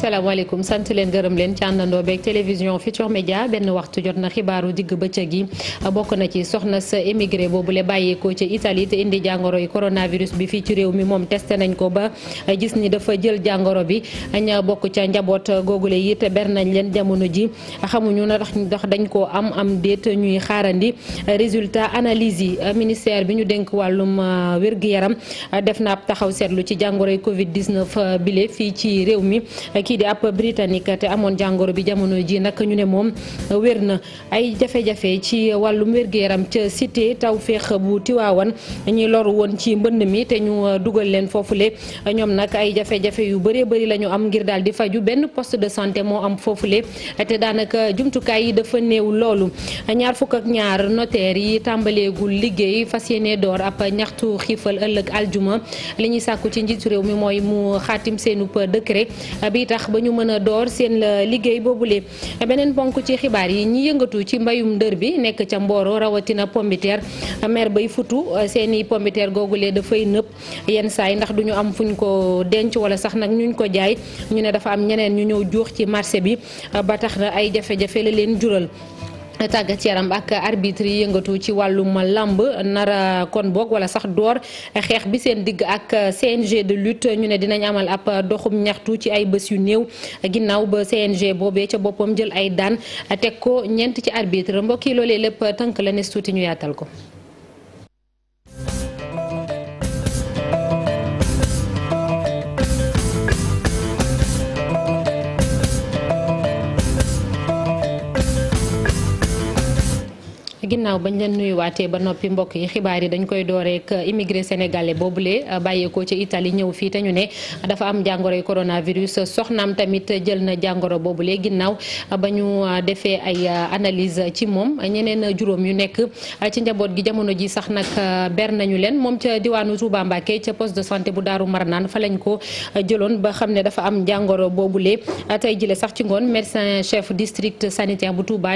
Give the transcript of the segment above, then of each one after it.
salaamaaleykum sant leen gërëm leen ci àndandoo beeg télévision Futur Média benn waxtu jot na xibaaru digg bëccëg yi bokk na ci soxna sa boobu boobule bàyyeeko ca Italie te indi jàngoro yi coronavirus bi fii ci réew mi moom testé nañ ko ba gis ni dafa jël jàngoro bi ña bokk ca njaboot googule yi te ber nañ leen jamono ji xamuñu na ndax dañ koo am am déet ñuy xaarandi résultat analyse yi ministère bi ñu dénk wàllum euh, wér-gu-yaram def na taxaw seetlu ci jàngoro yi Covid 19 euh, bile fii ci réew mi. kii di ab britannique te amoon jàngoro bi jamono ji nag ñu ne moom wér na ay jafe-jafe ci wàllum wér-gu-yaram ca cité Tawféex bu Tiwaawan ñi loru woon ci mbënn mi te ñu uh, dugal leen foofule ñoom nag ay jafe-jafe yu bëree bëri la am ngir daal di faju benn poste de santé moo am foofule te daanaka jumtukaay yi dafa néew loolu ñaar fukk ak ñaar notaire yi tàmbaleegul liggéey fas yéene door ab ñaxtu xiifal ëllëg aljuma li ñuy sàkku ci njiitu réew mi mooy mu xaatim seenub décret bi tax ba ñu mën a door seen euh, liggéey boobu boobule beneen ponk ci xibaar yi ñi yëngatu ci mbayum ndër bi nekk ca mbooroo rawatina pombiteer mer bay futu euh, seen i pombiteer googule dafay nëb yenn saay ndax du ñu am ñu ko denc wala sax nag ñuñ ko jaay ñu ne dafa am ñeneen ñu ñëw juux ci marché bi euh, ba tax na ay jafe-jafe la leen jural tàggat yaram ak arbitre yi yëngatu ci wàllum làmb nara kon boog wala sax door xeex bi seen digg ak CNG de lutte ñu ne dinañ amal ab doxum ñaxtu ci ay bés yu néew ginnaaw ba CNG boobee ca boppam jël ay daan teg ko ñeent ci arbitre mbokk yi loolee lépp tënk la ne suuti ñu yaatal ko. ginnaaw bañ leen nuyuwaatee ba noppi mbokk yi xibaar yi dañ koy door rek immigré sénégalais boobule euh, bàyyeekoo ci Italie ñëw fii te ñu ne dafa am jàngoroy coronavirus soxnaam tamit jël na jàngoro boobule ginnaaw ba ñu euh, defee ay euh, analyse ci moom ñeneen juróom yu nekk ci njaboot gi jamono ji sax nag ber nañu leen moom ca diwaanu Touba Mbacké ca poste de santé bu Daaru mar Marnaan fa lañ ko jëloon ba xam ne dafa am jàngoro boobule tey jile sax ci ngoon médecin chef district sanitaire bu Touba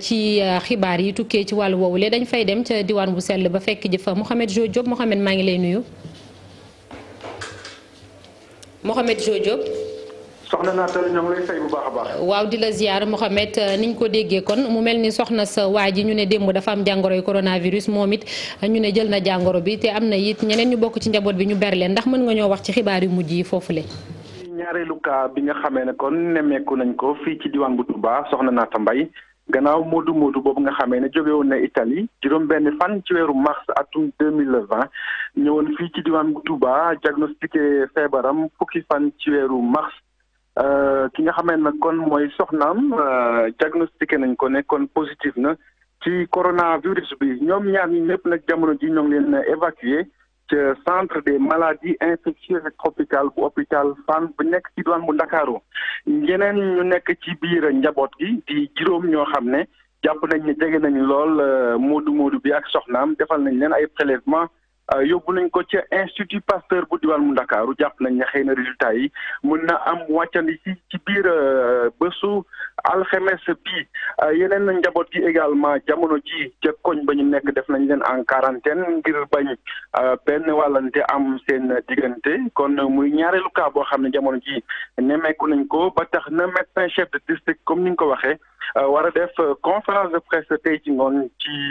ci euh, xibaar yi tukkee ci wàllu woowu le dañ fay dem ca diwaan bu sell ba fekk ji fa Mouhamed Jo Diop maa ngi lay nuyu. Mouhamed Jo Diop. soxna Natal ñoo ngi lay fay bu baax a baax. waaw di la ziar Mouhamed euh, niñ ko déggee kon mu mel ni soxna sa waa ji ñu ne démb dafa am jàngoroy coronavirus moom it euh, ñu ne jël na jàngoro bi te am na it ñeneen ñu bokk ci njaboot bi ñu berle ndax mën nga ñoo wax ci xibaar yu mujj yi foofule. ñaareelu cas bi nga gannaaw moodu moodu boobu nga xamee ne jóge woon na Italie juróom benn fan ci weeru mars atum deux mille vingt ñëwoon fii ci diwaan bu Touba diagnostiqué feebaram fukki fan ci weeru mars euh, ki nga xamee nag kon mooy soxnaam euh, diagnostiqué nañ ko nekkoon kon positif na ci coronavirus bi ñoom ñaar ñi ñëpp nag jamono ji ñoo ngi leen évacué centre des maladies infectieuses et tropicales bu hôpital Fann bu nekk ci diwaan bu Ndakaaru ñeneen ñu nekk ci biir njaboot gi di juróom ñoo xam ne jàpp nañ ne jege nañu lool euh, moodu moodu bi ak soxnaam defal nañ leen ay prélèvement Euh, yóbbu nañ ko ca institut Pasteur bu mu Ndakaaru jàpp nañ ne xëy na résultat yi mën na am wàccandi ci ci biir euh, bésu alxemes bi euh, yeneen njaboot gi également jamono ji ca koñ ba ñu nekk def nañ leen en quarantaine ngir bañ benn wàllante am seen diggante kon muy ñaareelu cas boo xam ne jamono ji nemmeeku nañ ko ba tax na médecin chef de district comme ni nga ko waxee war a def conférence de presse tey ci ngoon ci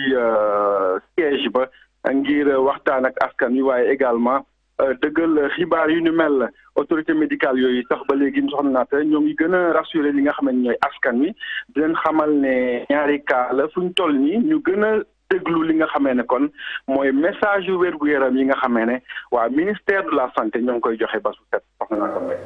siège ba ngir waxtaan ak askan wi waaye également euh, dëggal xibaar yu ñu mel autorité médicale yooyu sax ba léegi ñu soxna naata ñoo ngi gën a rassuré li nga xam ne ñooy askan wi di leen xamal ne ñaari cas la fu ñu toll nii ñu gën a déglu li nga xamee ne kon mooy message yu wér-gu-yaram yi nga xamee ne waa ministère de la santé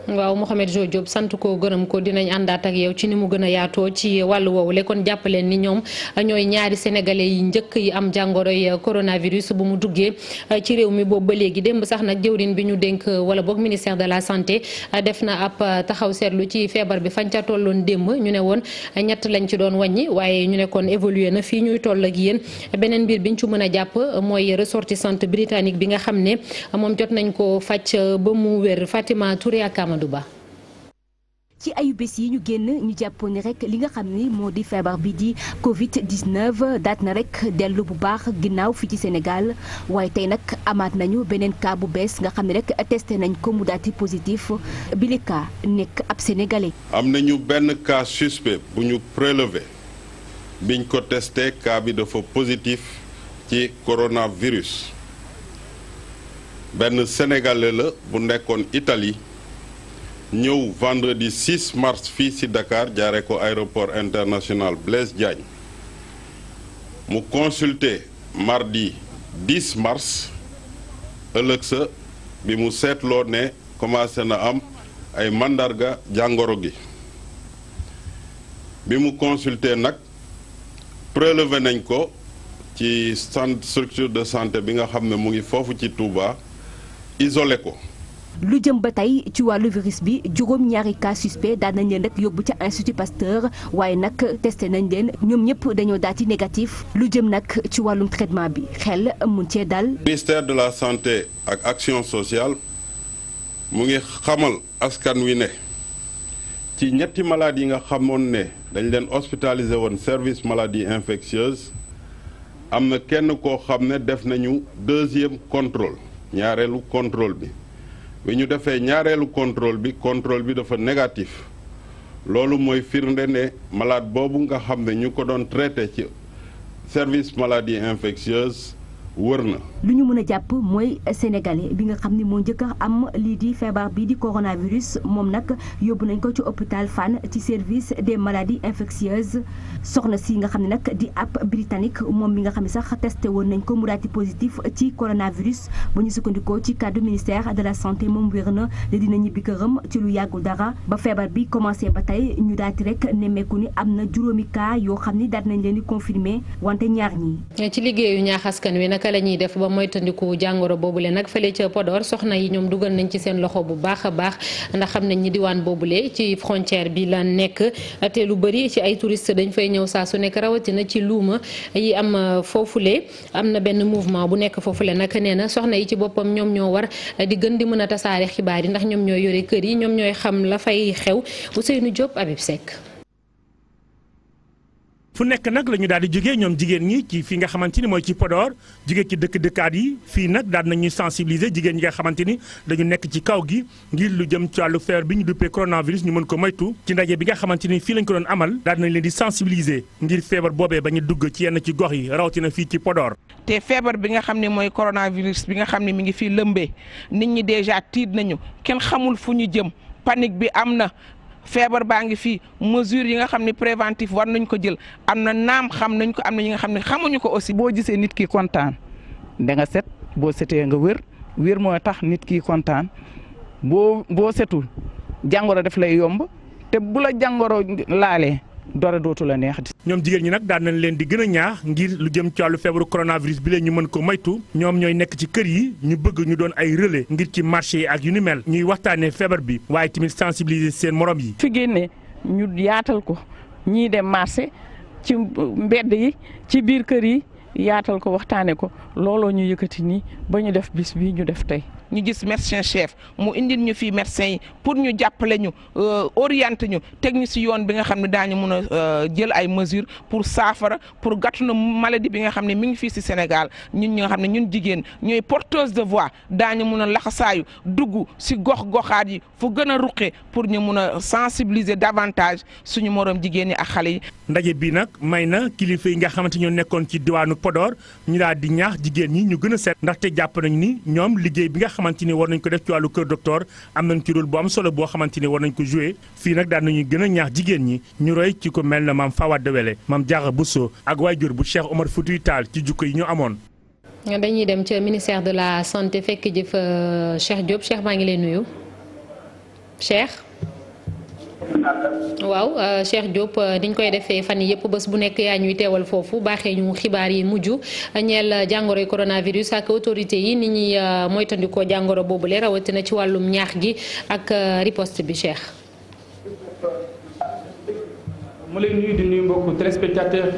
waaw Mouhamed Jo sant ko gërëm ko dinañ àndaat ak yow ci ni mu gën a yaatoo ci wàllu woowule kon leen ni ñoom ñooy ñaari sénégalais yi njëkk yi am jàngoroy coronavirus bu mu duggee ci réew mi boobu ba léegi démb sax nag jëwrin bi ñu dénk wala boog ministère de la santé def na ab taxaw seetlu ci feebar bi fañ ca tolloon démb ñu ne woon ñett lañ ci doon wàññi waaye ñu ne évolué na fii ñuy toll ak yéen beneen mbir biñ ci mën a jàpp euh, mooy ressortissante britannique bi nga xam ne euh, moom jot nañ ko faj euh, ba mu wér Fatima Touré ak Ba. ci ayu bés yi ñu génn ñu jàppoon ni rek li nga xam ni moo di feebar bi di Covid 19 daat na rek dellu bu baax ginnaaw fii ci Sénégal waaye tey nag amaat nañu beneen cas bu bees nga xam ne rek testé nañ ko mu daati positif bi li cas nekk ab sénégalais. am nañu benn cas suspect bu ñu biñ ko testé cas bi dafa positif ci coronavirus benn sénégalais la bu nekkoon Italie ñëw vendredi 6 mars fii ci Dakar jaare ko aéroport international Blaise Diagne mu consulter mardi 10 mars ëllëg sa bi mu seetloo ne commencé na am ay màndarga jàngoro gi bi mu consulter nag prélevé nañ ko ci centre structure de santé bi nga xam ne mu ngi foofu ci Touba isolé ko. lu jëm ba tey ci wàllu virus bi juróom ñaari cas suspect daan nañ leen rek yóbbu ca institut Pasteur waaye nag testé nañ leen ñoom ñëpp dañoo daal di négatif lu jëm nag ci wàllum traitement bi xel mun cee dal. ministère de la santé ak action sociale mu ngi xamal askan wi ne. ci ñetti malade yi nga xamoon ne dañu leen hospitalisé woon service maladie infectieuse am na kenn koo xam ne def nañu deuxième contrôle ñaareelu contrôle bi bi ñu defee ñaareelu contrôle bi contrôle bi dafa négatif loolu mooy firnde ne malade boobu nga xam ne ñu ko doon traité ci service maladie infectieuse wër na. li ñu mën a jàpp mooy sénégalais bi nga xam ne moo njëkk am lii di feebar bi di coronavirus moom nag yóbbu nañ ko ci hôpital Fann ci service des maladies infectieuses soxna si nga xam ne nag di ab britanique moom mi nga xam ne sax testé woon nañ ko mu daati positif ci coronavirus ba ñu sukkandikoo ci kàddu ministère de la santé moom wér na da dina ñibbi këram ci lu yàggu dara ba feebar bi commencé ba tey ñu daati rek nemmeeku ni am na juróomi cas yoo xam ni daal nañ leen di confirmer wante ñaar ñi. ci liggéeyu ñaax nag naka la ñuy def ba moytandiku jàngoro boobu boobule nag fële ca Podor soxna yi ñoom dugal nañ ci seen loxo bu baax a baax ndax xam nañ ñi diwaan boobu boobule ci frontière bi la nekk te lu bëri ci ay touriste dañ fay ñëw saa su nekk rawatina ci luuma yi am euh, foofule am na benn mouvement bu nekk foofule nag nee na soxna yi ci boppam ñoom ñoo war di gën di mën a tasaare xibaar yi ndax ñoom ñooy yore kër yi ñoom ñooy xam la fay xew bu seenu Diop Habib Seck fu nekk nag la ñu daal di jógee ñoom jigéen ñi ci fi nga xamante ni mooy ci Podor jógee ci dëkk dëkkaat yi fii nag daal nañu sensibiliser jigéen ñi nga xamante ni dañu nekk ci kaw gi ngir lu jëm ci wàllu feebar bi ñu duppee coronavirus ñu mën ko moytu ci ndaje bi nga xamante ni fii lañ ko doon amal daal nañ leen di sensibiliser ngir feebar boobee ba ñu dugg ci yenn ci gox yi rawatina fii ci Podor. te feebar bi nga xam ne mooy coronavirus bi nga xam ne mi ngi fii lëmbee nit ñi déjà tiit nañu kenn xamul fu ñu jëm panique bi am na feebar baa ngi fii mesure yi nga xam ne préventif war nañ ko jël am na naam xam nañ ko am na yi nga xam ne xamuñu ko aussi. boo gisee nit ki kontaan da nga set boo setee nga wër wér mooy tax nit ki kontaan boo boo setul jàngoro daf lay yomb te bu la jàngoro laalee. dara dootu la neex. ñoom jigéen ñi nag daan nañ leen di gën a ñaax ngir lu jëm ci wàllu feebaru coronavirus bi leen ñu mën ko moytu ñoom ñooy nekk ci kër yi ñu bëgg ñu doon ay relais ngir ci marché yi ak yu ni mel ñuy waxtaanee feebar bi waaye tamit sensibiliser seen morom yi. fi génnee ñu yaatal ko ñii dem marché ci mbedd yi ci biir kër yi yaatal ko waxtaanee ko looloo ñu yëkkati nii ba ñu def bis bi ñu def tey. ñu gis médecin chef mu indil ñu fii médecin yi pour ñu jàppale ñu euh, orienté ñu teg ñu si yoon bi nga xam ne daañu mun a euh, jël ay mesure pour saafara pour gattu na maladie bi nga xam ne mi ngi fii si Sénégal ñun ñi nga xam ne ñun jigéen ñooy porteuse de voix daañu mun a laxasaayu dugg si gox-goxaat yi fu gën a ruqe pour ñu mun a sensibiliser davantage suñu moroom jigéen ñi ak xale yi. ndaje bi nag may na kilifa yi nga xamante ñoo nekkoon ci diwaanu Podor ñu daal di ñaax jigéen ñi ñu gën a seet ndaxte jàpp xamante ni war nañ ko def ci wàllu kër docteur am nañ ci rôle bu am solo boo xamante ni war nañ ko joué fii nag daan nañuy gën a ñaax jigéen ñi ñu roy ci ko mel na maam Fawade Wele maam Diarra Bousso ak waajur bu Cheikh Omar Foutiyou Tall ci jukko yi ñu amoon. dañuy dem ca ministère de la santé fekk jëf euh, Cheikh Diop Cheikh maa ngi lay nuyu Cheikh. waaw euh, Cheikh Diop diñ euh, koy defee fan yi yëpp bés bu nekk yaa ñuy teewal foofu baaxee ñu xibaar yi mujj ñeel euh, jàngoro yi coronavirus ak autorité yi ni ñuy moytandikoo jàngoro boobu boobule rawatina ci wàllum ñaax gi ak ripost bi Cheikh. mu leen nuyu di yi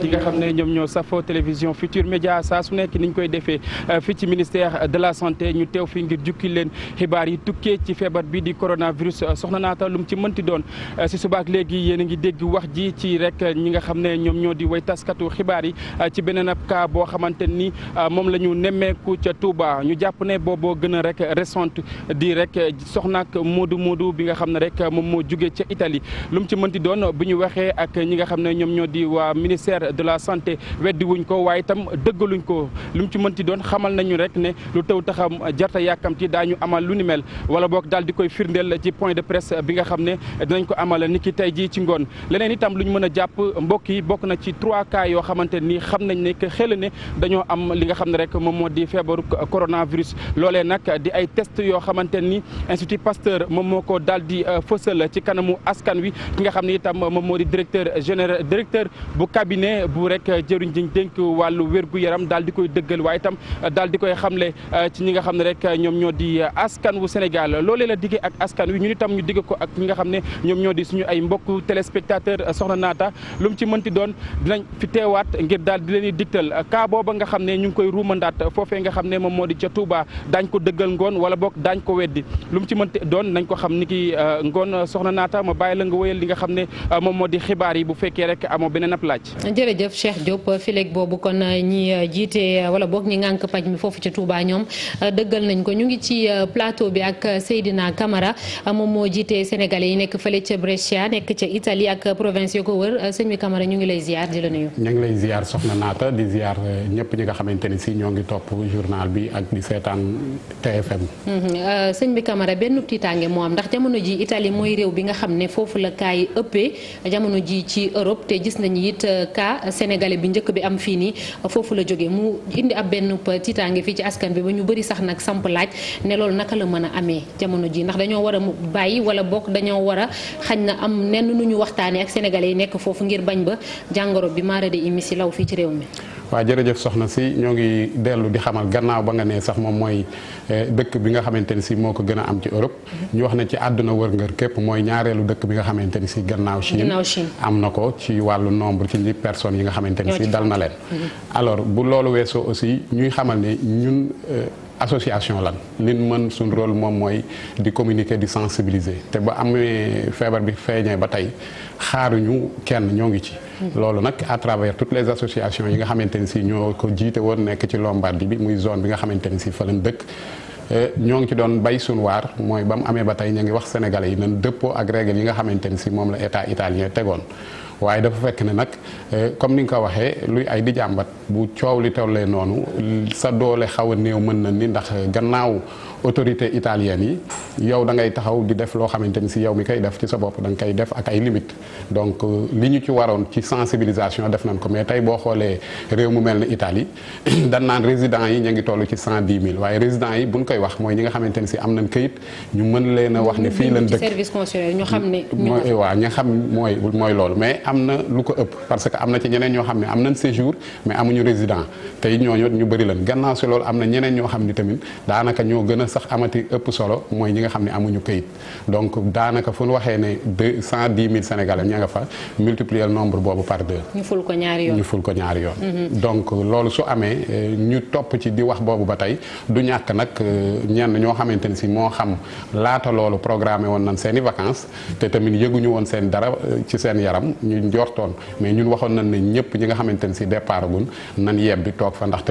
nga xam ne ñoom ñoo safo télévision Futur Média saa su nekk ni ñu koy defee euh, fii ci ministère de la santé ñu teew fi ngir jukki leen xibaar yi tukkee ci feebar bi di coronavirus euh, soxna naata lu mu ci mënti doon euh, si subaak léegi yéen a ngi dégg wax ji ci rek ñi nga xam ne ñoom ñoo di way taskatu xibaar yi ci beneen ab cas boo xamante ni moom la ñu nemmeeku ca Touba ñu jàpp ne booboo gën a rek récente di rek soxnaak moodu moodu bi nga xam ne rek moom moo jugee ca itali lu mu ci mënti doon bu ñu waxee ak ñi nga xam ne ñoom ñoo di waa ministère de la santé weddi wuñ ko waaye itam dëggaluñ ko lu mu ci ti doon xamal nañu rek ne lu taw taxam jarta yàkkamti daañu amal lu ni mel wala boog daal di koy firndeel ci point de presse bi nga xam ne dinañ ko amal ni ki tey jii ci ngoon leneen itam lu ñu mën a jàpp mbokk yi bokk na ci trois cas yoo xamante ni xam nañ ne que xel ne dañoo am li nga xam ne rek moom moo di feebaru coronavirus loole nag di ay test yoo xamante ni institut Pasteur moom moo ko daal di euh, fësal ci kanamu askan wi ki nga xam ne itam moom moo di directeur général directeur bu cabinet bu rek euh, jëriñ jiñ dénk wàllu wérgu yaram daal di koy dëggal waaye itam euh, daal di koy xamle euh, ci ñi nga xam ne rek ñoom ñoo di askan wu Sénégal loolee la diggee ak askan wi ñun itam ñu digg ko ak ñi nga xam ne ñoom ñoo di suñu ay mbokk téléspectateur soxna naata lum ci mënti doon dinañ fi teewaat ngir daal di leen di digtal cas booba nga xam ne ñu ngi koy ruumandaat foofe nga xam ne moom moo di ca Touba daañ ko dëggal ngoon wala boog daañ ko weddi lu mu ci mënti doon nañ ko xam ni ki ngoon soxna naata ma bàyyi la nga wéyal li nga xam ne moom moo di xibaar yi bu fekkee rek amoo beneen ab laaj. jërëjëf Cheikh Diop fileeg boobu kon eh, ñi eh, jiite eh, wala boog ñi ngànk paj mi foofu ci Touba ñoom dëggal nañ ko ñu ngi ci plateau bi ak Seydina Camara moom moo jiite sénégalais yi nekk fële ca Brescia nekk ca Italie ko wër sëñ bi Camara ñu ngi lay ziar di la nuyu. ñu ngi lay ziar soxna naata di ziar ñëpp ñi nga xamante ni si ñoo ngi topp journal bi ak di seetaan TFM. Mm-hmm. sëñ bi Camara benn tiitaange moo am ndax jamono ji Italie mooy ci Europe te gis nañu it kaa euh, sénégalais bi njëkk bi am fii nii foofu la jóge mu indi ab benn tiitaange fii ci askan bi ba ñu bëri sax nag samp laaj ne naka la mën a amee jamono ji ndax dañoo war a bàyyi wala bokk dañoo war a xañ na am nenn nu ñu waxtaanee ak sénégalais yi nekk foofu ngir bañ ba jàngoro bi maara de imisi law fii ci réew mi. waa jërëjëf soxna si ñoo ngi dellu di xamal gannaaw ba nga nee sax moom mooy eh, dëkk bi nga xamante ni si moo ko gën a am ci Europe. Mhm. ñu wax na ci àdduna wërngër képp mooy ñaareelu dëkk bi nga xamante ni si gannaaw Chine am na ko ci wàllu nombre ci li personnes yi nga xamante ni si dal na leen mhm. alors bu loolu weesoo aussi ñuy xamal ne ñun eh, association lan lin mën suñ rôle moom mooy di communiquer di sensibiliser te ba amee feebar bi feeñee ba tey xaaruñu kenn ñoo ngi ci hmm. loolu nag à travers toutes les associations yi nga xamante ni si ñoo ko jiite woon nekk ci Lombardie bi muy zone bi nga xamante ni si fa lañ dëkk eh, ñoo ngi ci doon bay suñu waar mooy ba mu amee ba tey ñu ngi wax sénégalais yi nañ dëppoo ak règle yi nga xamante ni si moom la état italien tegoon waaye dafa fekk ne nag euh, comme ni nga ko waxee luy ay di jàmbat bu coow li tollee noonu sa doole xaw a néew mën na ni ndax gannaaw autorité italienne yi yow da ngay taxaw di def loo xamante ni si yow mi koy def ci sa bopp da koy def ak ay limite donc euh, li ñu ci waroon ci sensibilisation def nañ ko mais tey boo xoolee réew mu mel ni Italie dan naan résidents yi ñu ngi toll ci cent dix mille waaye résidents yi bu buñ koy wax mooy ñi nga xamante ni si am nañ këyit ñu mën leen a wax ne fii lañ dëkk service consulier ñu xam ne waaw ñu xam mooy mooy loolu mais am na lu ko ëpp parce que am na ci ñeneen ñoo xam ne am nañ séjour mais amuñu résident ñu bëri lan gannaaw si loolu am na ñeneen ñoo xam ne tamit daanaka ñoo gën a sax amati ëpp solo mooy ñi nga xam ne amuñu këyit donc daanaka fu ñu waxee ne deux cent dix mille sénégalais ña nga fa multiplier nombre boobu par deux. ñu ful ko ñaari yoon ñu mm-hmm. donc loolu su amee euh, ñu topp ci di wax boobu ba tey du ñàkk nag euh, ñenn ñoo xamante ni si moo xam laata loolu programmé woon nañ seen i vacances te tamit yëguñu woon seen dara euh, ci seen yaram. ñu njortoon mais ñun waxoon nañ ne ñëpp ñi nga xamante ne si départ gun nan yebbi toog fa ndax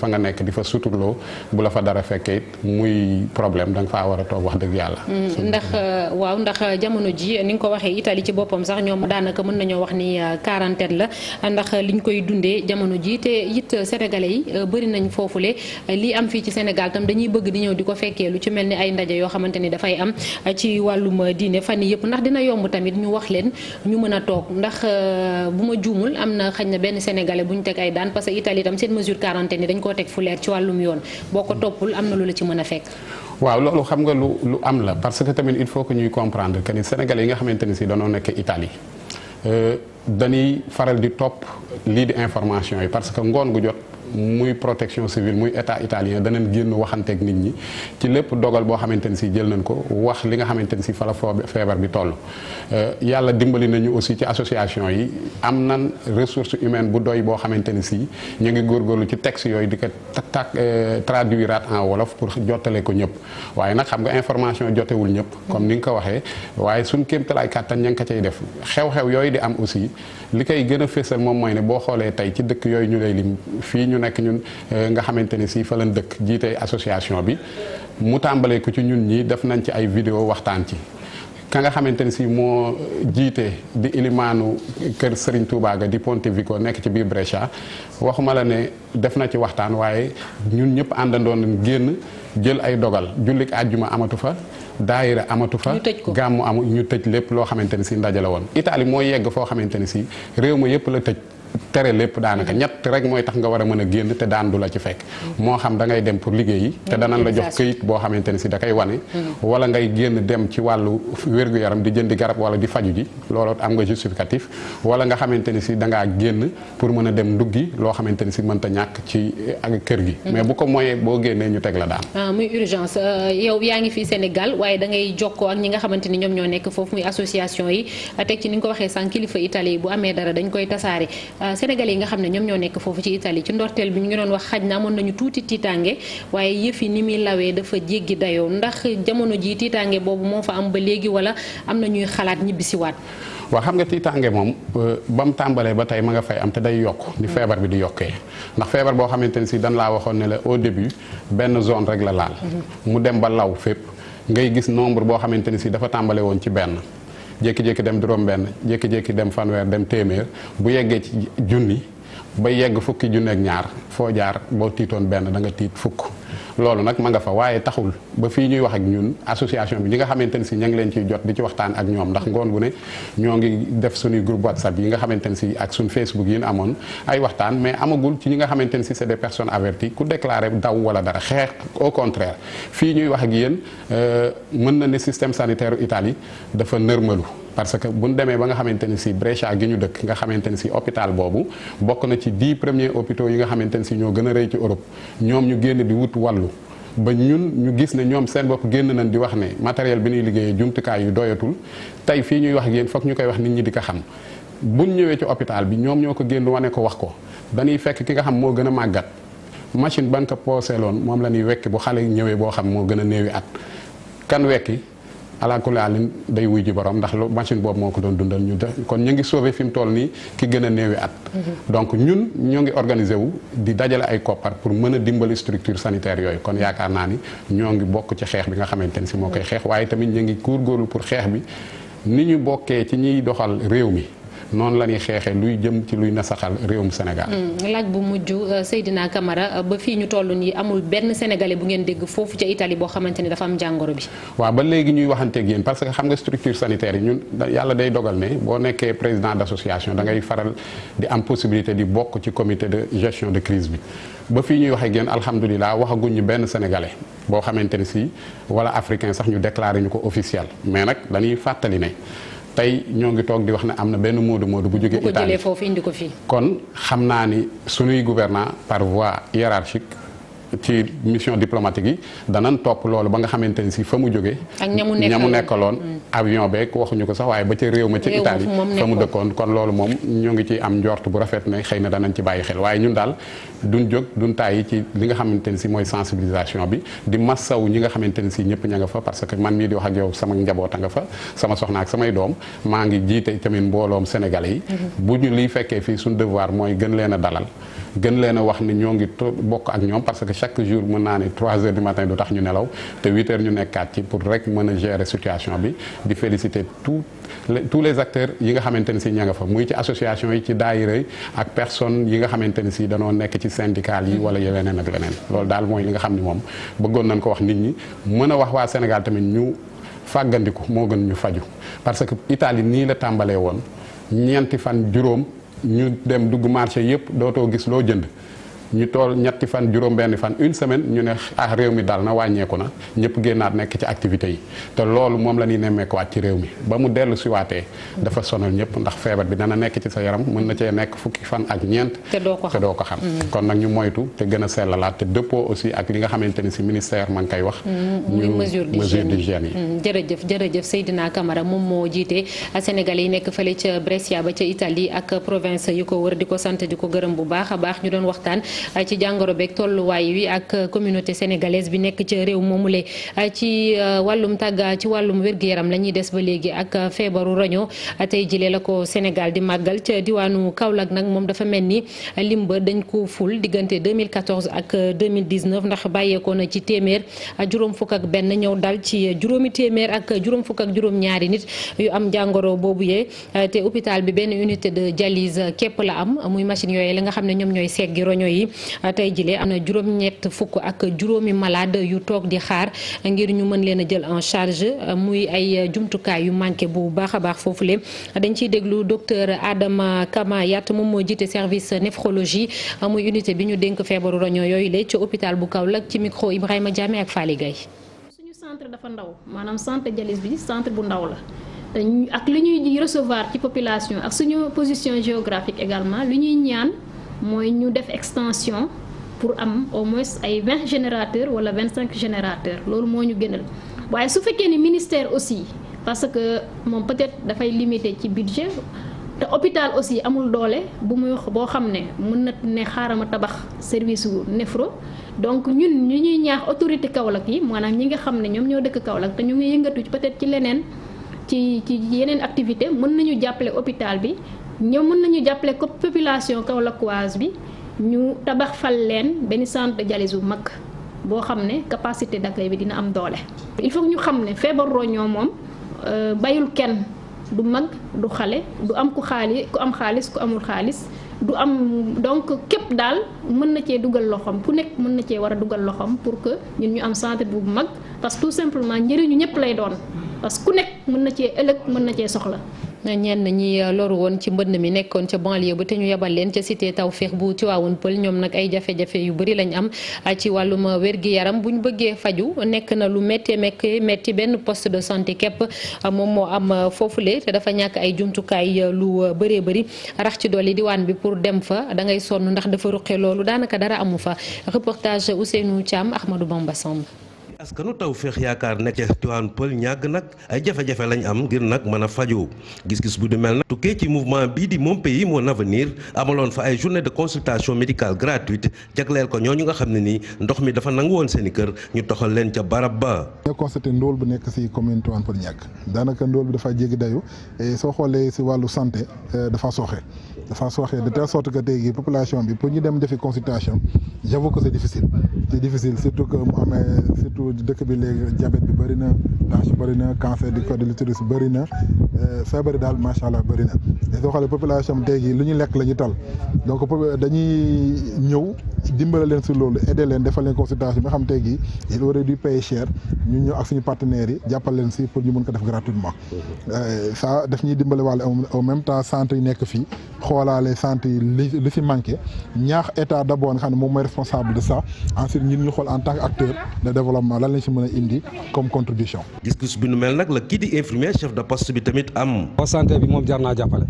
fa nga a toog wax dëgg yàlla. Mm, ndax uh, waaw ndax uh, jamono ji ni nga ko waxee Italie ci boppam sax ñoom daanaka mën nañoo wax ni uh, quarantaine la ndax liñ koy dundee jamono ji te it sénégalais yi bëri foofu le li am fii ci Sénégal tam dañuy bëgg di ñëw di ko fekkee lu ci mel ni ay ndaje yoo xamante ni dafay am ci wàllum diine fan yëpp ndax dina yomb tamit ñu wax leen ñu mën a toog ndax euh, bu ma juumul am na xañ na benn sénégalais bu ñu teg ay daan parce que Italie itam seen mesure quarantaine yi dañ koo teg fu leer ci wàllum yoon boo ko mm. toppul am na lu la ci mën a fekk. waaw loolu xam nga lu lu am la parce que tamit il faut que ñuy comprendre que ni sénégalais yi nga xamante ni si danoo nekk Italie. Euh, dañuy faral di topp lii di information yi parce que ngoon gu jot. muy protection civile muy état italien danañ génn waxanteeg nit ñi ci lépp dogal boo xamante ni si jël nañ ko wax li nga xamante ni si fa la feebar bi toll. Euh, yàlla dimbali nañu aussi ci association yi am nan ressource humaine bu doy boo xamante ni si ñu ngi góorgóorlu ci texte yooyu di ko tak euh, traduiraat en wolof pour jottale ko ñëpp waaye nag xam nga information jotewul ñëpp comme ni nga ko waxee waaye suñ kéemtalaay kàttan ña ngi ko cay def xew-xew yooyu di am aussi li koy gën a fésal moom mooy ne boo xoolee tey ci dëkk yooyu ñu lay nekk ñun euh, nga xamante ne si fa lañ dëkk jiite association bi mu tàmbalee ko ci ñun ñii def nañ ci ay vidéo waxtaan ci ka nga xamante ne si moo jiite di ilimaanu kër Serigne Touba ga di Pontevico nekk ci biir Brescia waxuma la ne def na ci waxtaan waaye ñun ñëpp àndandoon génn jël ay dogal jullik àjjuma amatu fa daayira amatu fa gàmmu amu ñu tëj lépp loo xamante ne si ndaje la woon Italie moo yegg foo xamante ne si réew ma yëpp la tëj tere lépp daanaka mm-hmm. ñett rek mooy tax nga war a mën a génn te daan du la ci fekk mm-hmm. moo xam da ngay dem pour liggéey te danañ la jox këyit boo xamante ne si da koy wane mm-hmm. wala ngay génn dem ci wàllu wér-gu-yaram di wala di faju ji loolu am nga justificatif wala nga xamante ni si da ngaa génn pour mën a dem nduggi loo xamante ni si mënta ñàkk ci eh, ak kër gi mais bu ko moyee boo génnee ñu teg la daan ah, muy urgence euh, yow yaa ngi fii waaye da ngay jokkoo ñi nga xamante ni ñoom ñoo nekk foofu muy association yi teg ci ni nga ko waxee sànq kilifa Italie bu amee dara dañ koy tasaare Euh, sénégal yi nga xam ne ñoom ñoo nekk foofu ci Italie ci ndorteel bi ñu ngi doon wax xaj na amoon nañu tuuti tiitaange waaye yëf yi ni muy lawee dafa jéggi dayoo ndax jamono jii tiitaange boobu moo fa am ba léegi wala am na ñuy xalaat ñibbisiwaat. waaw xam nga tiitaange moom euh, ba mu tàmbalee ba tey ma nga fay am te day yokk ni feebar bi di yokkee ndax feebar boo xamante ni si dañ laa waxoon ne la au début benn zone rek la laal. Mhm. mu dem ba law fépp ngay gis nombre boo xamante ni si dafa tàmbale woon ci benn jékki-jékki dem juróom-benn jékki dem fanweer dem téeméer bu yeggee ci junni ba yegg fukki junne ak ñaar foo jaar boo tiitoon benn da nga tiit fukk loolu nag ma nga fa waaye taxul ba fii ñuy wax ak ñun association bi ñi nga xamante ne si ña ngi leen ciy jot di ci waxtaan ak ñoom ndax ngoon gu ne ñoo ngi def suñuy groupe whatsapp yi nga xamante ne si ak suñ facebook yi ñu amoon ay waxtaan mais amagul ci ñi nga xamante ne si c'est des personnes averties ku déclaré daw wala dara xeex au contraire fii ñuy wax ak yéen euh, mën na ne système sanitaire Italie dafa nërmalu parce que bu ñu demee ba nga xamante ni si Brescia gi ñu dëkk nga xamante ne si hôpital boobu bokk na ci dix premiers hôpitaux yi nga xamante ne si ñoo gën a rëy ci Europe ñoom ñu génn di wut wallu ba ñun ñu gis ne ñoom seen bopp génn nañ di wax ne matériel bi ñuy liggéeyee jumtukaay yu doyatul tey fii ñuy wax ak yéen foog ñu koy wax nit ñi di ko xam buñ ñëwee ci hôpital bi ñoom ñoo ko génn wane ko wax ko dañuy fekk ki nga xam moo gën a màggat machine ban ko pooseeloon moom la ñuy wekki bu xale ñëwee boo xam moo gën a néewi at kan wekki alaakulli àllin day wuy ji borom ndax lu machine boobu moo ko doon dundal ñu def kon ñu ngi soobee fi mu toll nii ki gën a néewi at. Mhm. donc ñun ñoo ngi organisé wu di dajale ay koppar pour mën a dimbali structure sanitaire yooyu kon yaakaar naa ni ñoo ngi bokk ci xeex bi nga xamante ni si moo koy mhm. xeex waaye tamit ñu ngi góorgóorlu pour xeex bi ni ñu bokkee ci ñiy doxal réew mi. noonu la ñuy xeexee luy jëm ci luy nasaxal réewum Sénégal. Hmm, laaj bu mujj euh, Seydina Camara euh, ba fii ñu toll nii amul benn sénégalais bu ngeen dégg foofu ca Italie boo xamante ni dafa am jàngoro bi. waaw ba léegi ñuy waxanteeg yéen parce que xam nga structure sanitaire yi ñun yàlla day dogal ne boo nekkee président d' association da ngay faral di am possibilité di bokk ci commité de gestion de crise bi ba fii ñuy waxee ak yéen alhamdulilah waxaguñ ñu benn sénégalais boo xamante ni si wala africain sax ñu déclaré ñu ko officiel mais nag dañuy fàttali ne. tey ñoo ngi toog di wax na am na benn moodu moodu bu jógee Italie foofu indi ko fii kon xam naa ni sunuy gouvernant par voie hiérarchique ci mission diplomatique yi danan topp loolu ba nga xamante ni si fa mu jógee ña mu nekkaloon avion beeg waxuñu ko sax waaye ba ca réew ma ca Italie fa mu dëkkoon kon loolu moom ñu ngi ci am njort bu rafet ne xëy na danañ ci bàyyi xel waaye ñun daal duñ jóg duñ tàyyi ci li nga xamante si mooy sensibilisation bi di massaw ñi nga xamante ni si ñëpp ña nga fa parce que man mii di wax ak yow sama njaboota nga fa sama soxna ak samay doom maa ngi jiite tamit mbooloom yi mm-hmm. bu ñu liy fekkee fii suñ devoir mooy a dalal gën a wax chaque jour mën naa ne 3 heures du matin du tax ñu nelaw te 8 heures ñu nekkaat ci pour rek mën a gérer situation bi di féliciter tout tous les acteurs yi nga xamante ni si ña nga fa muy ci association yi ci daayira yi ak personne yi nga xamante ni si danoo nekk ci syndical yi wala yeneen ak leneen loolu daal mooy li nga xam ni moom bëggoon nañ ko wax nit ñi mën a wax waa Sénégal tamit ñu fàggandiku moo gën ñu faju parce que Italie nii la tàmbalee woon ñeenti fan juróom ñu dem dugg marché yëpp dootoo gis loo jënd ñu tool ñetti fan juróom-benn fan une semaine ñu ne ah réew mi daal na wàññeeku na ñëpp génnaat nekk ci activités yi te loolu moom la ñuy nemmeekuwaat ci réew mi ba mu dellu si waatee dafa sonal ñëpp ndax feebar bi dana nekk ci sa yaram mën na cee nekk fukki fan ak ñeent te doo ko xam mm. kon nag ñu moytu te gën a sellalaat te dëppoo aussi ak li nga xamante ni si ministère ma ngi koy wax mm. ñu mesure d'hygiène yi mm. jërëjëf jërëjëf Seydina Camara moom moo jiite ba ca a baax ci jàngoro beeg tolluwaay wi ak communauté sénégalaise bi nekk ca réew moomule euh, ci wàllum tàgga ci wàllum wér yaram la ñuy des ba léegi ak euh, feebaru roño tey jilee la ko Sénégal di màggal ca diwaanu Kaolack nag moom dafa mel ni lim ba dañ ko ful diggante 2014 ak 2019 euh, ndax bàyyeekoo na ci téeméer juróom fukk ak benn ñëw dal ci juróomi téeméer ak juróom fukk ak juróom ñaari nit yu am jàngoro boobu yee te hôpital bi benn unité de dialyse képp la am muy machine yooyu la nga xam ne ñoom ñooy seggi roño yi yi tey jilee am na juróom-ñett fukk ak juróomi malade yu toog di xaar ngir ñu mën leen a jël en charge muy ay jumtukaay yu manqué bu baax a baax foofule dañ ciy déglu docteur Adama Kama Yat moom moo jiite service néphrologie muy unité bi ñu dénk feebaru roño yooyu la ci hôpital bu kaw Kaolack ci micro Ibrahima Diame ak Faly Gueye suñu centre dafa ndaw maanaam centre dialyse bi centre bu ndaw la ak li ñuy recevoir ci population ak suñu position géographique mooy ñu def extension pour am au moins ay 20 générateurs wala cinq générateur loolu moo ñu gënal waaye su fekkee ni ministère aussi parce que moom peut-être dafay limité ci budget te hôpital aussi amul doole bu muy boo xam ne mën na ne xaaral ma tabax service wu néphro donc ñun ñu ñuy ñaax autorité Kaolack yi maanaam ñi nga xam ne ñoom ñoo dëkk Kaolack te ñu ngi yëngatu peut-être ci leneen ci ci yeneen activité mën nañu jàppale hôpital bi ñoom mën nañu jàppale ko population kaolackoise bi ñu tabax fal leen benn centre de dialyse bu mag boo xam ne capacité d'accueil bi dina am doole. il faut ñu xam ne feebar ñoo moom euh, bayul kenn du mag du xale du am ku xaalis ku am xaalis ku amul xaalis. du am donc képp daal mën na cee dugal loxoom ku nekk mën na cee war dugal loxoom pour que ñun ñu am santé bu mag parce que tout simplement njëriñu ñëpp lay doon parce que ku nekk mën na cee ëllëg mën na cee soxla. ñenn ñi euh, loru woon ci mbënn mi nekkoon ca banlieue ba te ñu yebal leen ca cité Tawféex bu Tivaouane Pël ñoom nag ay jafe-jafe yu bëri lañ am euh, ci wàllum euh, wér-gi-yaram bu ñu bëggee faju nekk na lu métti mekk métti benn poste de santé képp moom moo am foofule te dafa ñàkk ay jumtukaay lu bëree bëri rax ci dolli diwaan bi pour dem fa dangay sonn ndax dafa ruqe loolu daanaka dara amu fa reportage Ousseynou Thiam Ahmadou Bamba Samb nu taw Tawfekh yaakaar nekk ca Tivaouane Peulh ñàgg nag ay jafe-jafe lañ am ngir nag mën a faju gis-gis bu du mel nag tukkee ci mouvement bii di mon pays mon avenir amaloon fa ay journée de consultation médicale gratuite jagleel ko ñoo ñu nga xam ne nii ndox mi dafa nangu woon seen kër ñu toxal leen ca barab ba ñoo constaté ndóol bu nekk si commune Tivaouane Peulh ñàgg daanaka ndóol bi dafa jéggi dayu soo xoolee si wàllu santé euh, dafa sooxe dafa sooxee de telle sorte que tey jii population bi pour ñu dem defi consultation j'avoue que c'est difficile c'est difficile surtout que mu amee surtout dëkk bi léegi diabète bi bëri na tension bëri na cancer du col de l'utérus bëri na euh, feebar daal macha allah bëri na te soo xoolee population bi tey jii lu ñu lekk la ñu tal donc dañuy ñëw dimbale leen si loolu aider leen defalee leen consultation bi nga xam tey jii il aurait dû payer cher ñu ñëw ak suñu partenaires yi jàppal leen si pour ñu mën ko def gratuitement euh, ça daf ñuy dimbale wàll au même temps centre yi nekk fii xoolaale santé yi li ci manqué ñaax état d'abord nga xam ne moom mooy responsable de ça ensuite ñun ñu xool en tant que acteur de développement lan lañ ci mën a indi comme contribution. discours bi nu mel nag la kii di infirmier chef de poste bi tamit am. poste santé bi moom jar naa jàppale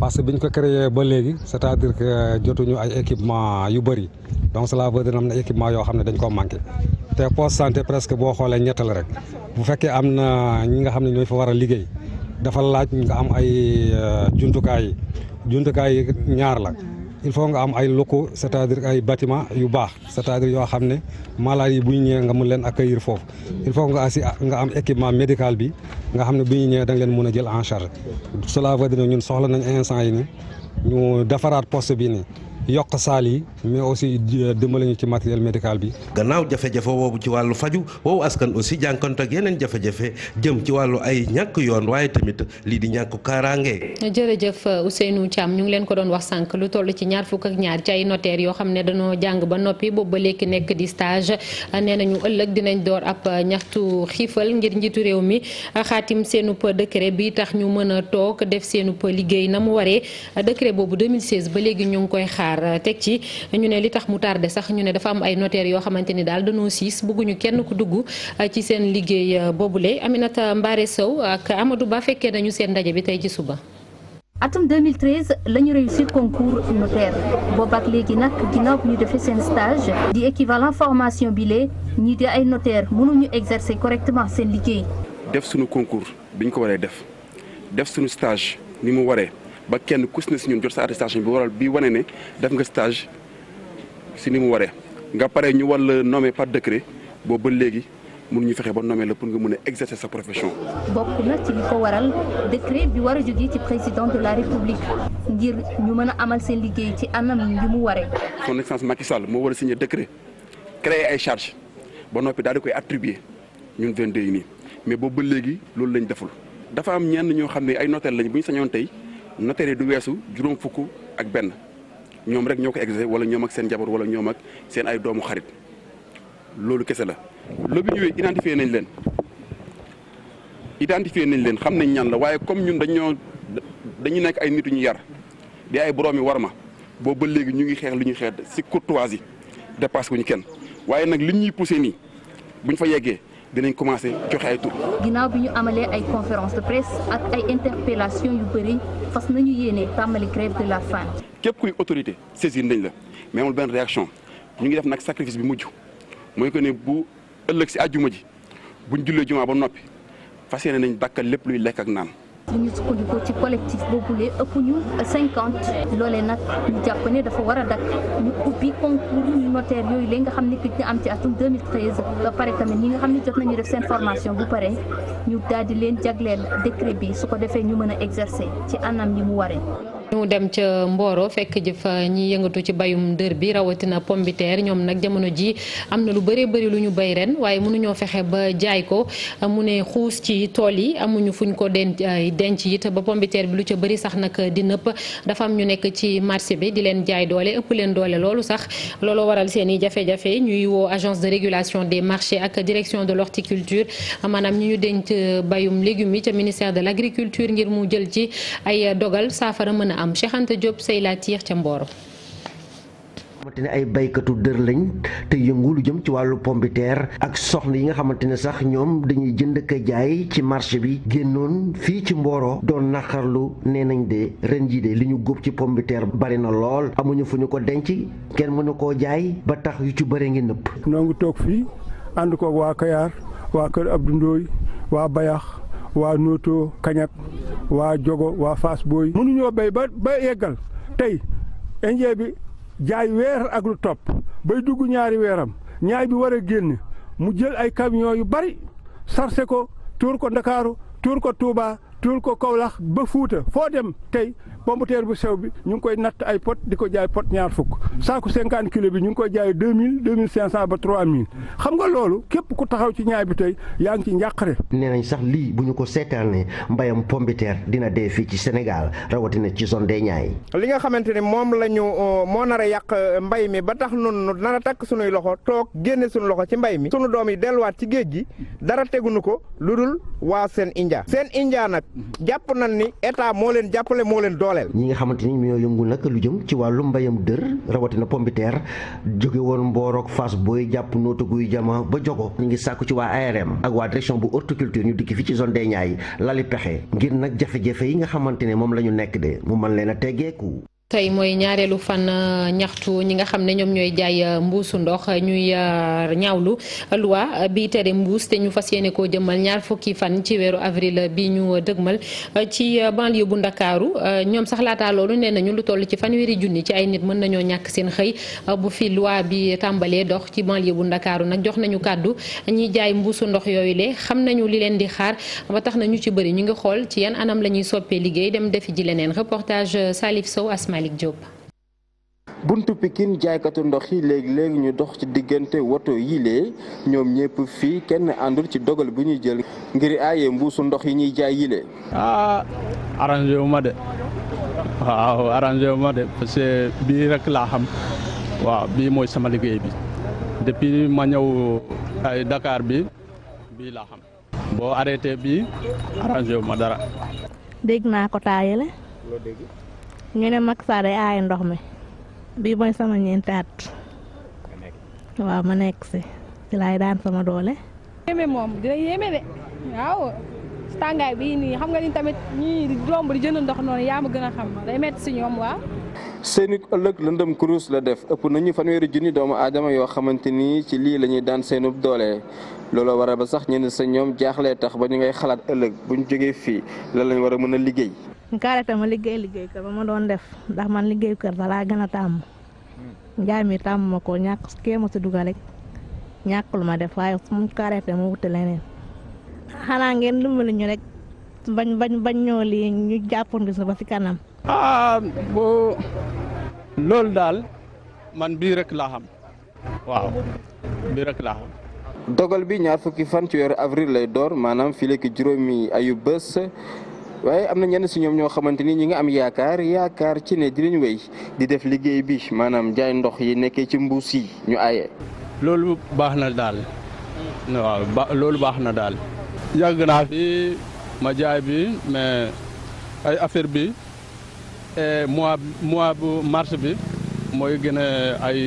parce que bi ñu ko créé ba léegi c'est-à-dire que euh, jotuñu ay équipement yu bëri donc cela veut dire am na équipement yoo xam ne dañ ko manqué te poste santé presque boo xoolee ñett rek bu fekkee am na ñi nga xam ne ñooy fa war a liggéey dafa laaj nga am ay euh, jumtukaay yi. jumtukaay ñaar la il faut nga am ay locaux c'est-à-dire ay batiment yu baax c'est-à-dire yoo xam ne malade yi bu ñu ñëwee nga mun leen accueillir foofu il faut nga assi nga am équipement médical bi nga xam ne bu ñu ñëwee da nga leen mun a jël en charge cela veut dire ñun soxla nañ instant yi ni ñu defaraat poste bi nii yokk saal yi mais aussi euh, dimbali lañu ci matériel médical bi. gannaaw jafe-jafe woowu ci wàllu faju woowu askan aussi jànkonte ak yeneen jafe-jafe jëm ci wàllu ay ñàkk yoon waaye tamit lii di ñàkk kaaraange. jërëjëf Ousseynou Thiam ñu ngi leen ko doon wax sànq lu toll ci ñaar fukk ak ñaar ci ay notaire yoo xam ne dañoo jàng ba noppi boobu ba léegi nekk di stage nee ñu ëllëg dinañ door ab ñaxtu xiifal ngir njiitu réew mi xaatim seenub décret bi tax ñu mën a toog def seenub liggéey na mu waree décret boobu 2016 ba léegi ñu ngi koy xaar Dakar euh, teg ci ñu ne li tax mu tardé sax ñu ne dafa am ay notaires yoo xamante ni daal dañoo siis bëgguñu kenn ku dugg euh, ci seen liggéey euh, boobule Aminata Mbaare Sow ak Amadou Ba fekkee nañu seen ndaje bi tey ci suba. atum 2013 la ñu réussir concours notaire boobu ak léegi nag ginnaaw bi ñu defee seen stage di équivalent formation bi lee ñii di ay notaire mënuñu exercer correctement seen liggéey. def suñu concours bi ñu ko waree def def suñu stage ni mu waree. ba kenn ku si ne si ñun jot sa attestation bi waral bi wane ne def nga stage si ni mu waree nga pare ñu war la par décret boobu ba léegi mun ñu fexe ba nomee la pour nga mën a exercer sa profession. bokk na ci li ko waral décret bi war a jógee ci président de la république ngir ñu mën a amal seen liggéey ci anam yu mu waree. son excellence Macky Sall moo war a signé décret créer ay charges ba noppi daal di koy attribuer ñun 22 yi nii mais boobu ba léegi loolu lañ deful dafa am ñenn ñoo xam ne ay notaire lañ bu ñu sañoon tey. notaire du weesu juróom fukk ak benn ñoom rek ñoo ko exercer wala ñoom ak seen njaboot wala ñoom ak seen ay doomu xarit loolu kese la. lobby yooyu identifié nañ leen identifié nañ leen xam nañ ñan la waaye comme ñun dañoo dañu nekk ay nit ñu yar di ay boroomi war ma boobu ba léegi ñu ngi xeex lu ñuy xeex si courtoisie dépasse wuñu kenn waaye nag li ñuy poussé nii buñ fa yeggee. dinañ commencé joxe ay tur. ginnaaw bi ñu amalee ay conférence de presse ak fas nañu yéene tàmbali grève de la faim. képp kuy autorité saisir nañ la mais amul benn réaction ñu ngi def nag sacrifice bi mujj mooy que ne bu ëllëg si àjjuma ji buñ jullee jumaa ba noppi fas yéene nañ dàkkal lépp luy lekk ak naan. ñu ngi sukkandikoo ci collectif boobule ëpp ñu cinquante loolee nag ñu jàpp ne dafa war a dakk ñu ubbi concours yu notaire yooyu léegi nga xam ne gëj am ci atum 2013 ba pare tamit ñi nga xam ne jot nañu def seen formation bu pare ñu daal di leen jagleel décret bi su ko defee ñu mën a exercer ci anam yi mu waree. ñu dem ca Mboro fekk ji fa ñi yëngatu ci bayum dër bi rawatina pombiteer ñoom nag jamono ji am na lu bëree bëri lu ñu bay ren waaye mënuñoo fexe ba jaay ko mu ne xuus ci tool yi amuñu fuñ ko denc denc it ba pombiteer bi lu ca bëri sax nag di nëpp dafa am ñu nekk ci marché bi di leen jaay doole ëpp leen doole loolu sax loolu waral seen i jafe-jafe ñuy woo agence de régulation des marchés ak direction de l'horticulture maanaam ñu ñu denc bayum légumes yi ca ministère de l'agriculture ngir mu jël am Cheikh Anta Diop sëy laa tiir ca Mboro. ne ay baykatu dër lañ te yëngu lu jëm ci wàllu pombiteer ak soxna yi nga xamante ne sax ñoom dañuy jënd ka jaay ci marché bi génnoon fii ci Mboro doon naqarlu nee nañ de ren jii de li ñu góob ci pombiteer bari na lool amuñu fu ñu ko denc kenn mënu koo jaay ba tax yu ci bëre ngi nëpp. noo toog fii ànd ko waa Kayar waa Kër Abdou Ndoye waa Bayax waa Noto Kañak waa Jogo waa fas booy mënuñoo béy ba ba yeggal tey engrais bi jaay weer ak lu topp bay dugg ñaari weeram ñaay bi war a génn mu jël ay camion yu bari sarse ko tuur ko Ndakaaru tuur ko Touba tuur ko Kaolack ba Fuuta foo dem tey pomputeer bu sew bi ñu ngi koy natt ay pot di ko jaay pot ñaar fukk saaku cinquante kilo bi ñu ngi koy jaay deux mille ba trois mille xam nga loolu képp ku taxaw ci ñaay bi tey yaa ngi ci njàqare. nee nañ sax lii bu ñu ko seetaanee mbayam pompiteer dina dee fii ci Sénégal rawatina ci zone des Niayes. li nga xamante ne moom la ñu euh, moo nar a yàq euh, mbay mi ba tax nun nar a takk sunuy loxo toog génne sunu loxo ci mbay mi sunu doom yi delluwaat ci géej gi dara tegunu ko lu dul waa seen india seen india nag jàpp nañ ni état moo leen jàppale moo leen doole dooleel ñi nga xamante ni ñoo yëngu nag lu jëm ci wàllu mbayam dër rawatina pombiteer jóge woon mboorook fas booy jàpp guy jama ba jogo ñu ngi sàkku ci waa ARM ak waa direction bu horticulture ñu dikk fi ci zone des Niayes lali pexe ngir nag jafe-jafe yi nga xamante ne moom la ñu nekk de mu mën leen a teggeeku tey mooy ñaareelu fan euh, ñaxtu ñi nga xam ne ñoom ñooy jaay euh, mbuusu ndox euh, ñuy ñaawlu loi bi tere mbuus te ñu fas yéene koo jëmmal ñaar fukki fan ci weeru avril bi ñu dëgmal ci banlieue bu ndakaaru ñoom sax laataa loolu nee nañu lu toll ci fan fanweeri junni ci ay nit mën nañoo ñàkk seen xëy bu fi loi bi tàmbalee dox ci banlieue bu ndakaaru nag jox nañu kàddu ñi jaay mbuusu ndox yooyu le xam nañu li leen di xaar ba tax na ñu ci bëri ñu ngi xool ci yan anam la ñuy Malick Diop. buntu pikin jaaykatu ndox yi léegi-léegi ñu dox ci diggante woto yilee ñoom ñëpp fii kenn àndul ci dogal bi ñuy jël ngir aaye mbuusu ndox yi ñuy jaay yilee ah arrangé wu ma de waaw arrangé wu ma de parce que bii rek laa xam waaw bii mooy sama liggéey bi depuis ma ñëw ay Dakar bi bii laa xam boo arrêté bii arrangé wu ma dara dégg naa ko taayale ñu ne Macky Sall day ndox mi bii mooy sama ñeenti at waaw ma nekk si si laay daan sama doole. moom dina yéeme de waaw tàngaay bii nii xam nga ni tamit ñii di romb di jënd ndox noonu yaa ma xam day si ñoom waaw. seeni ëllëg lëndëm kurus la def ëpp nañu fanweeri junni doomu aadama yoo xamante ni ci lii la ñuy daan seenub doole looloo waral ba sax ñenn sa ñoom jaaxlee tax ba ñu ngay xalaat ëllëg bu jegee fii lan lañ war a mën a liggéey. caractère ma liggéey liggéey kër ba ma doon def ndax man liggéeyu kar balaa gën a tàmm hmm. njaay mi tàmm ma ko ñàkk kee ma si dugal rek ñàkkul ma def waaye mu caractère ma wuti leneen xanaa ngeen dimbali ñu rek bañ bañ bañ ñoo lii ñu jàppandi si si kanam. ah boo daal man bii rek laa xam bi ñaar fukki fan ci weeru avril lay door maanaam fii léegi juróomi ayu waaye am na ñenn si ñoom ñoo xamante ni ñi nga am yaakaar yaakaar ci ne dinañ wéy di def liggéey bi maanaam jaay ndox yi nekkee ci mbuus yi ñu aaye. loolu baax na daal waaw loolu baax na daal. yàgg naa fi ma jaay bi mais ay affaire bi eh, mois mois bu mars bi mooy gën a ay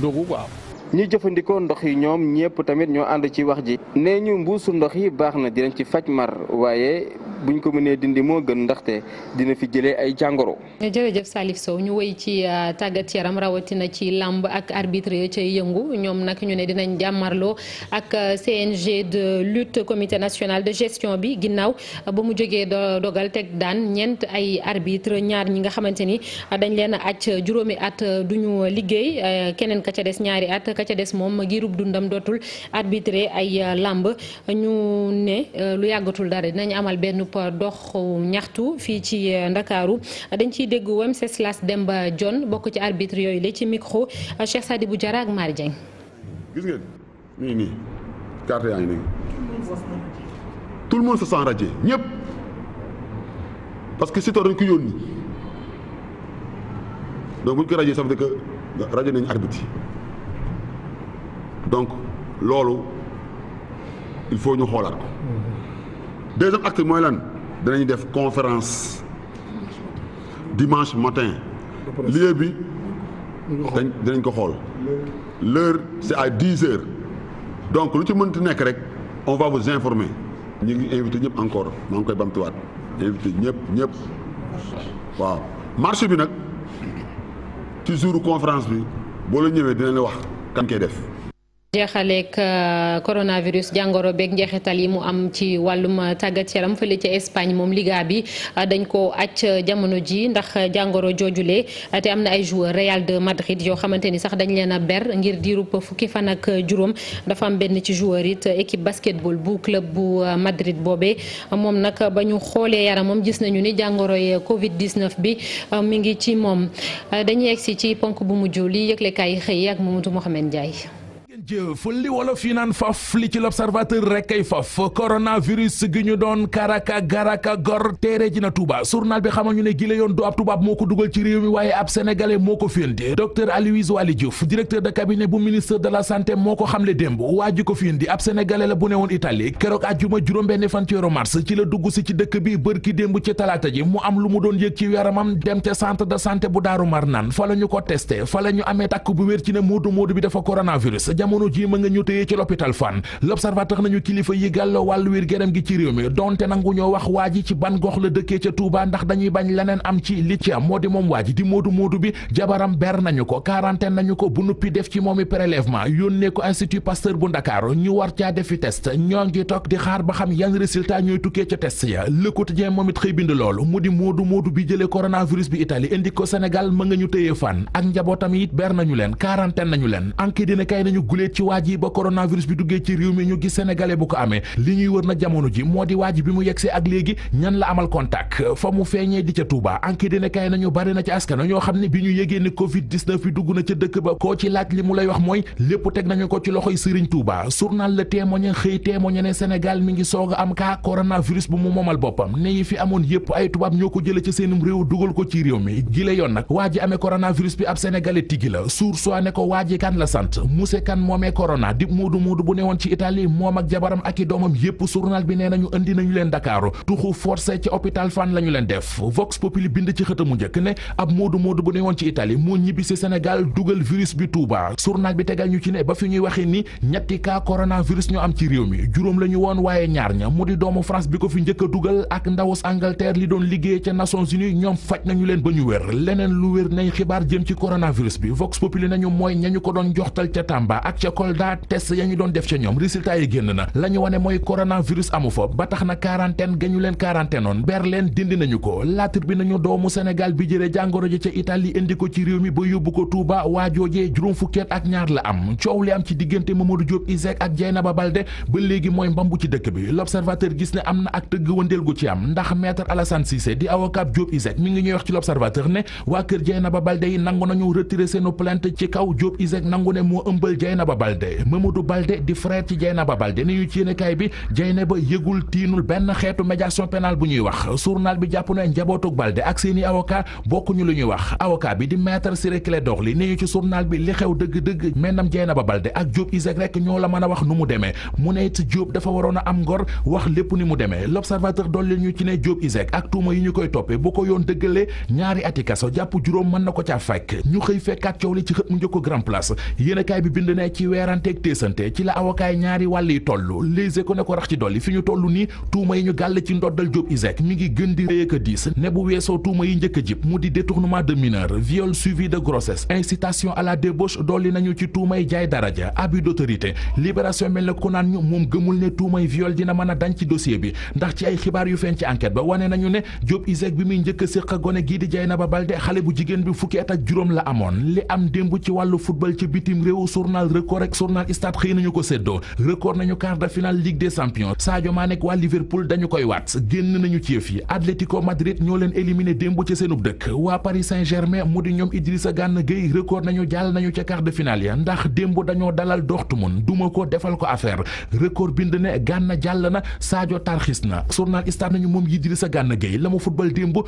dogu quoi. ñi jëfandikoo ndox yi ñoom ñëpp tamit ñoo ànd ci wax ji. nee ñu mbuusu ndox yi baax na dinañ ci faj mar waaye buñ ko mënee dindi moo gën ndaxte dina fi jëlee ay jàngoro. jërëjëf Salif Sow ñu wéy ci ah, tàggat yaram rawatina ci làmb ak arbitre ya yëngu ñoom nag ñu ne dinañ jàmmarloo ak ah, CNG de lutte commité national de gestion bi ginnaaw ah, ba mu jógee dogal teg daan ñeent ay arbitre ñaar ñi nga xamante ni dañ leen a juróomi at duñu liggéey keneen ka ca des ñaari at ka ca des moom giirub dundam dootul arbitré ay làmb ñu ne lu yàggatul dara dinañ amal benn seenub dox ñaxtu fii ci euh, Ndakaaru dañ ciy dégg Wenceslas Demba John bokk ci arbitre yooyu la ci micro Cheikh Sadibou Diarra ak Mari Dieng. gis ngeen nii nii carte yaa ngi nii tout le monde se sent radié parce que Siteu dañ ko yónni donc bu ñu ko radié ça veut nañu arbitre donc loolu il faut ñu xoolaat ko. deuxième act mooy lan danañu def conférence dimanche matin lieu bi dañ dinañ ko xool leur c'est à dix heures donc lu ci mënti nekk rek on va vous informer ñu ngi invité ñëpp encore moo ngi koy bamtuwaat invité ñëpp ñëpp waaw marché bi nag ci jour conférence bi boo la ñëwee dinañu wax kan koy def jeexaleeg euh, coronavirus jàngoro beeg njeexital yi mu am ci wàllum tàggat yaram fële ca Espagne moom liga bi euh, dañ ko acc jamono ji ndax jàngoro joojule euh, te am na ay joueur Real de Madrid yoo xamante ni sax dañ leen a ber ngir diirub fukki fan ak juróom dafa am benn ci joueur it équipe basketball bu club bu Madrid boobee moom nag ba ñu xoolee yaram moom gis nañu ni jàngoroy Covid 19 bi mu ngi ci moom dañuy egsi ci ponk bu mujj li yëglekaay yi xëy ak Mamadou Mouhamed Ndiaye. jëf li wolof yi naan faf li ci l'observateur rek kay faf coronavirus gi ñu doon karaka garaka gor téere ji na Touba journal bi xamal ñu ne gile yoon du ab tubaab moo ko dugal ci réew mi waaye ab sénégalais moo ko féndi docteur Aloyse Waly Diouf directeur de cabinet bu ministre de la santé moo ko xamle démb waa ji ko féndi ab sénégalais bu ne woon Italie keroog àjjuma juróom-benn fan ci weeru ci la dugg si ci dëkk bi bër ki démb ci talaata ji mu am lu mu doon yëg ci yaramam dem ca centre de santé bu Daaru Marnaan fa la ñu ko testé fa ñu amee takk bu wér ci ne moodu moodu bi dafa coronavirus jamono jamono ji ma nga ñu téye ci l'hôpital Fann l'observateur nañu kilifa yi gàlloo wàllu wér gërëm gi ci réew mi donte nangu ñoo wax waa ji ci ban gox la dëkkee ca Touba ndax dañuy bañ leneen am ci li moo di moom waa ji di moodu moodu bi jabaram ber nañu ko quarantaine nañu ko bu nuppi def ci moomi prélèvement yónnee ko institut Pasteur bu Ndakaaru ñu war defi test ñoo ngi toog di xaar ba xam yan résultat ñooy tukkee ca test ya Le Quotidien moom it déet ci waaj yi ba coronavirus bi duggee ci réew mi ñu gis sénégalais bu ko amee li ñuy wër nag jamono ji moo di waaj bi mu yegsee ak léegi ñan la amal contact fa mu feeñee di ca Touba enquête dina kay nañu bari na ci askan ñoo xam ne bi ñu yégee ne Covid 19 bi dugg na ca dëkk ba ko ci laaj li mu lay wax mooy lépp teg nañu ko ci loxoy Serigne Touba journal Le Témoin xëy témoigné ne Sénégal mi ngi soog a am cas coronavirus bu mu moomal boppam ne yi fi amoon yépp ay tubaab ñoo ko jële ci seenum réew dugal ko ci réew mi gile yoon nag waa ji amee coronavirus bi ab sénégalais tigi la sour soit ne ko waa ji la sant moomee corona di muudu muudu bu newoon ci Italie moom ak jabaram ak i doomam yépp journal bi nee nañu indi nañu leen Dakaaru tuxu forcé ci hôpital Fann la leen def Vox Populi bind ci xëtamu njëkk ne ab muudu muudu bu newoon ci Italie moo ñibbisi Sénégal dugal virus bi Touba journal bi tegal ñu ci ne ba fi ñuy waxee ni ñetti cas coronavirus ñoo am ci réew mi juróom la ñu woon waaye ñaar ña mu di doomu France bi ko fi njëkk a dugal ak ndawus Angleterre doon liggéey ca Nations ñoom faj nañu leen ba ñu wér leneen lu wér nay xibaar jëm ci coronavirus bi Vox Populi nañu mooy ñañu ko doon joxtal ca Tamba ak ca Kolda test ya ñu doon def ca ñoom résultat yi génn na la ñu wane mooy coronavirus amu fa ba tax na quarantaine ñu leen quarantaine oon ber leen dindi nañu ko laatir bi nañu doomu Sénégal bi jëlee jàngoro ji ca Italie indi ko ci réew mi ba yóbbu ko tuuba Touba waajoojee juróom fukkeet ak ñaar la am coow li am ci diggante Mamadou Diop Isaac ak ba Balde ba léegi mooy mbambu ci dëkk bi l'observateur gis ne am na ak tëgg wëndeel gu ci am ndax maître Alassane Cissé di avocat Diop Isaac mi ngi ñuy wax ci l'observateur ne waa kër Dieynaba Balde yi nangu nañu retirer seenu plainte ci kaw Diop nangu ne moo ëmbal Dieynaba Dieynaba Balde Mamadou Balde di frère ci Dieynaba Balde ni ñu ci yéenekaay bi ba yëgul tiinul benn xeetu médiation pénale bu ñuy wax journal bi jàpp ne njabootug Balde ak seeni avocat bokkuñu lu ñuy wax avocat bi di maître Ciré Clédor Ly ni ñu ci journal bi li xew dëgg-dëgg mennam Dieynaba Balde ak Diop Iseg rek ñoo la mën a wax nu mu demee mu ne it Diop dafa waroon a am ngor wax lépp ni mu demee l'observateur dolli ñu ci ne Diop Iseg ak tuuma yi ñu koy toppee bu ko yoon dëggalee ñaari ati kaso jàpp juróom mën na ko caa fekk ñu xëy fekkaat coow li ci xët mu njëkk ci weeranteeg téesante ci la avocat yi ñaari wàll yi toll Les Échos ne ko rax ci dolli fi ñu toll nii tuuma yi ñu gàll ci ndoddal Diop ISEG mi ngi gën di réyëk a diis ne weesoo tuuma yi njëkk a jib mu di détournement de mineur viol suivi de grossesse incitation à la débauche dolli nañu ci tuumay jaay daraja abus d'autorité libération mel na ku ñu moom gëmul ne tuumay viol dina mën dañ ci dossier bi ndax ci ay xibaar yu feeñ ci enquête ba wane nañu ne Diop ISEG bi muy record ak journal stade xëy nañu ko séddoo record nañu quart de finale ligue des champions Sadio Mané ak waa Liverpool dañu koy waat génn nañu ci yëf yi Atlético Madrid ñoo leen éliminé démb ci seenub dëkk waa Paris Saint-Germain mu di ñoom Idrissa Gana Gueye record nañu jàll nañu ca quart de finale ya ndax démb dañoo dalal Dortmund duma ko defal ko affaire record bind ne Gana jàll na Sadio tarxis na journal stade nañu moom sa gànn Gueye la mu football démb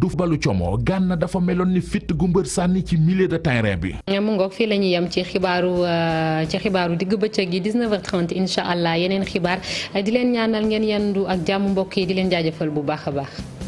du balu como gànna dafa meloon ni fitt gu mbër sànni ci milieu de terrain bi. mu ngoog fii la ñuy yem ci xibaaru euh, ci xibaaru digg bëccëg yi 19h30 incha allah yeneen xibaar di leen ñaanal ngeen yendu ak jàmm mbokk yi di leen jaajëfal bu baax a baax.